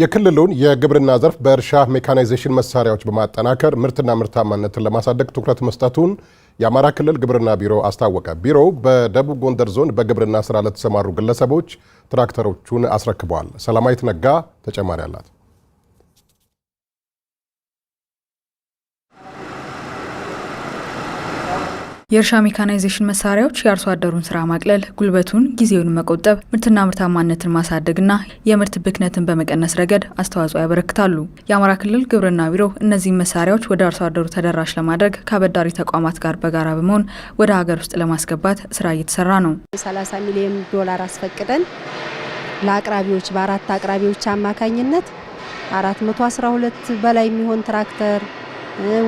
የክልሉን የግብርና ዘርፍ በእርሻ ሜካናይዜሽን መሳሪያዎች በማጠናከር ምርትና ምርታማነትን ለማሳደግ ትኩረት መስጠቱን የአማራ ክልል ግብርና ቢሮ አስታወቀ። ቢሮው በደቡብ ጎንደር ዞን በግብርና ስራ ለተሰማሩ ግለሰቦች ትራክተሮቹን አስረክበዋል። ሰላማዊት ነጋ ተጨማሪ አላት። የእርሻ ሜካናይዜሽን መሳሪያዎች የአርሶ አደሩን ስራ ማቅለል፣ ጉልበቱን፣ ጊዜውን መቆጠብ፣ ምርትና ምርታማነትን ማሳደግና የምርት ብክነትን በመቀነስ ረገድ አስተዋጽኦ ያበረክታሉ። የአማራ ክልል ግብርና ቢሮ እነዚህን መሳሪያዎች ወደ አርሶ አደሩ ተደራሽ ለማድረግ ከአበዳሪ ተቋማት ጋር በጋራ በመሆን ወደ ሀገር ውስጥ ለማስገባት ስራ እየተሰራ ነው። 30 ሚሊዮን ዶላር አስፈቅደን ለአቅራቢዎች በአራት አቅራቢዎች አማካኝነት 412 በላይ የሚሆን ትራክተር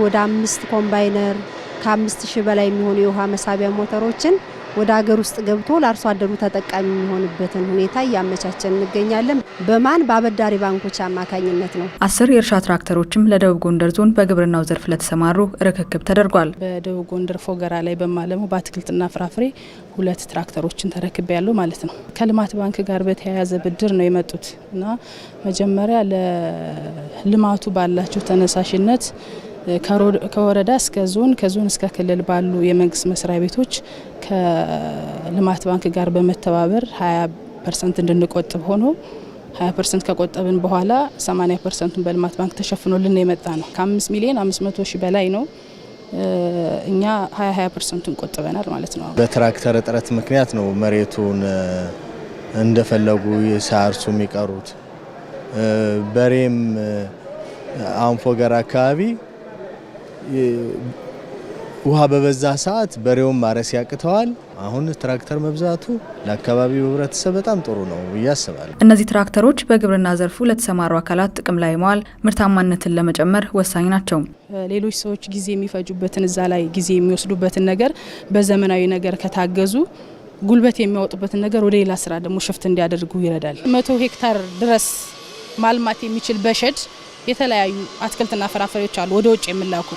ወደ አምስት ኮምባይነር ከአምስት ሺህ በላይ የሚሆኑ የውሃ መሳቢያ ሞተሮችን ወደ ሀገር ውስጥ ገብቶ ለአርሶ አደሩ ተጠቃሚ የሚሆንበትን ሁኔታ እያመቻቸን እንገኛለን። በማን በአበዳሪ ባንኮች አማካኝነት ነው። አስር የእርሻ ትራክተሮችም ለደቡብ ጎንደር ዞን በግብርናው ዘርፍ ለተሰማሩ ርክክብ ተደርጓል። በደቡብ ጎንደር ፎገራ ላይ በማለመው በአትክልትና ፍራፍሬ ሁለት ትራክተሮችን ተረክቤ ያለው ማለት ነው። ከልማት ባንክ ጋር በተያያዘ ብድር ነው የመጡት እና መጀመሪያ ለልማቱ ባላቸው ተነሳሽነት ከወረዳ እስከ ዞን ከዞን እስከ ክልል ባሉ የመንግስት መስሪያ ቤቶች ከልማት ባንክ ጋር በመተባበር 20 ፐርሰንት እንድንቆጥብ ሆኖ 20 ፐርሰንት ከቆጠብን በኋላ 80 ፐርሰንቱን በልማት ባንክ ተሸፍኖልን የመጣ ነው። ከ5 ሚሊዮን 500 ሺህ በላይ ነው። እኛ 20 20 ፐርሰንቱን ቆጥበናል ማለት ነው። በትራክተር እጥረት ምክንያት ነው መሬቱን እንደፈለጉ ሳያርሱ የሚቀሩት። በሬም አንፎገር አካባቢ ውሃ በበዛ ሰዓት በሬውን ማረስ ያቅተዋል። አሁን ትራክተር መብዛቱ ለአካባቢው ህብረተሰብ በጣም ጥሩ ነው ብዬ አስባለሁ። እነዚህ ትራክተሮች በግብርና ዘርፉ ለተሰማሩ አካላት ጥቅም ላይ መዋል ምርታማነትን ለመጨመር ወሳኝ ናቸው። ሌሎች ሰዎች ጊዜ የሚፈጁበትን እዛ ላይ ጊዜ የሚወስዱበትን ነገር በዘመናዊ ነገር ከታገዙ ጉልበት የሚያወጡበትን ነገር ወደ ሌላ ስራ ደግሞ ሽፍት እንዲያደርጉ ይረዳል። መቶ ሄክታር ድረስ ማልማት የሚችል በሸድ የተለያዩ አትክልትና ፍራፍሬዎች አሉ ወደ ውጭ የምላኩ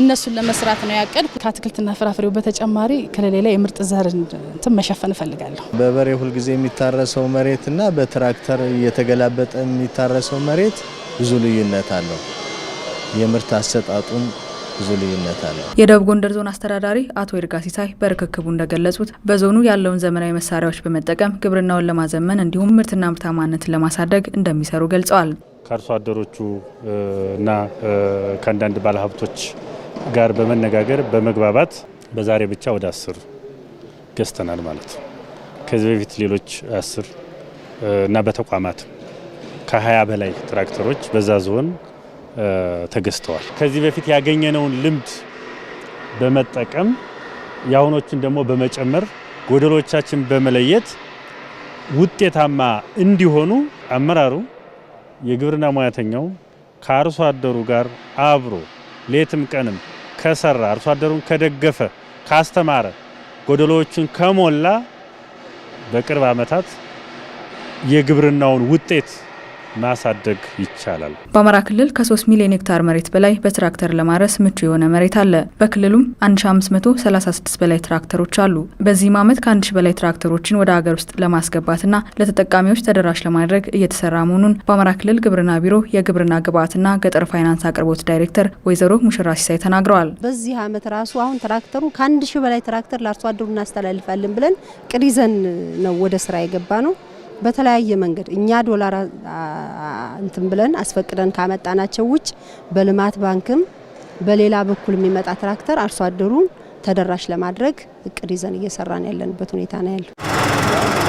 እነሱን ለመስራት ነው ያቀድ። ከአትክልትና ፍራፍሬው በተጨማሪ ከሌላ የምርጥ ዘር እንትን መሸፈን እፈልጋለሁ። በበሬ ሁልጊዜ የሚታረሰው መሬትና በትራክተር እየተገላበጠ የሚታረሰው መሬት ብዙ ልዩነት አለው። የምርት አሰጣጡም ብዙ ልዩነት አለው። የደቡብ ጎንደር ዞን አስተዳዳሪ አቶ ይርጋ ሲሳይ በርክክቡ እንደገለጹት በዞኑ ያለውን ዘመናዊ መሳሪያዎች በመጠቀም ግብርናውን ለማዘመን እንዲሁም ምርትና ምርታማነትን ለማሳደግ እንደሚሰሩ ገልጸዋል። ከአርሶ አደሮቹ እና ከአንዳንድ ባለሀብቶች ጋር በመነጋገር በመግባባት በዛሬ ብቻ ወደ አስር ገዝተናል ማለት ነው። ከዚህ በፊት ሌሎች አስር እና በተቋማት ከሀያ በላይ ትራክተሮች በዛ ዞን ተገዝተዋል። ከዚህ በፊት ያገኘነውን ልምድ በመጠቀም የአሁኖችን ደግሞ በመጨመር ጎደሎቻችን በመለየት ውጤታማ እንዲሆኑ አመራሩ የግብርና ሙያተኛው ከአርሶ አደሩ ጋር አብሮ ሌትም ቀንም ከሰራ አርሶ አደሩን ከደገፈ ካስተማረ ጎደሎዎችን ከሞላ በቅርብ ዓመታት የግብርናውን ውጤት ማሳደግ ይቻላል። በአማራ ክልል ከ3 ሚሊዮን ሄክታር መሬት በላይ በትራክተር ለማረስ ምቹ የሆነ መሬት አለ። በክልሉም 1536 በላይ ትራክተሮች አሉ። በዚህም ዓመት ከ1 በላይ ትራክተሮችን ወደ ሀገር ውስጥ ለማስገባትና ለተጠቃሚዎች ተደራሽ ለማድረግ እየተሰራ መሆኑን በአማራ ክልል ግብርና ቢሮ የግብርና ግብዓትና ገጠር ፋይናንስ አቅርቦት ዳይሬክተር ወይዘሮ ሙሽራ ሲሳይ ተናግረዋል። በዚህ ዓመት ራሱ አሁን ትራክተሩ ከ1 ሺ በላይ ትራክተር ለአርሶ አደሩ እናስተላልፋለን ብለን ቅድ ይዘን ነው ወደ ስራ የገባ ነው። በተለያየ መንገድ እኛ ዶላር እንትን ብለን አስፈቅደን ካመጣናቸው ውጭ በልማት ባንክም በሌላ በኩል የሚመጣ ትራክተር አርሶ አደሩን ተደራሽ ለማድረግ እቅድ ይዘን እየሰራን ያለንበት ሁኔታ ነው ያለው።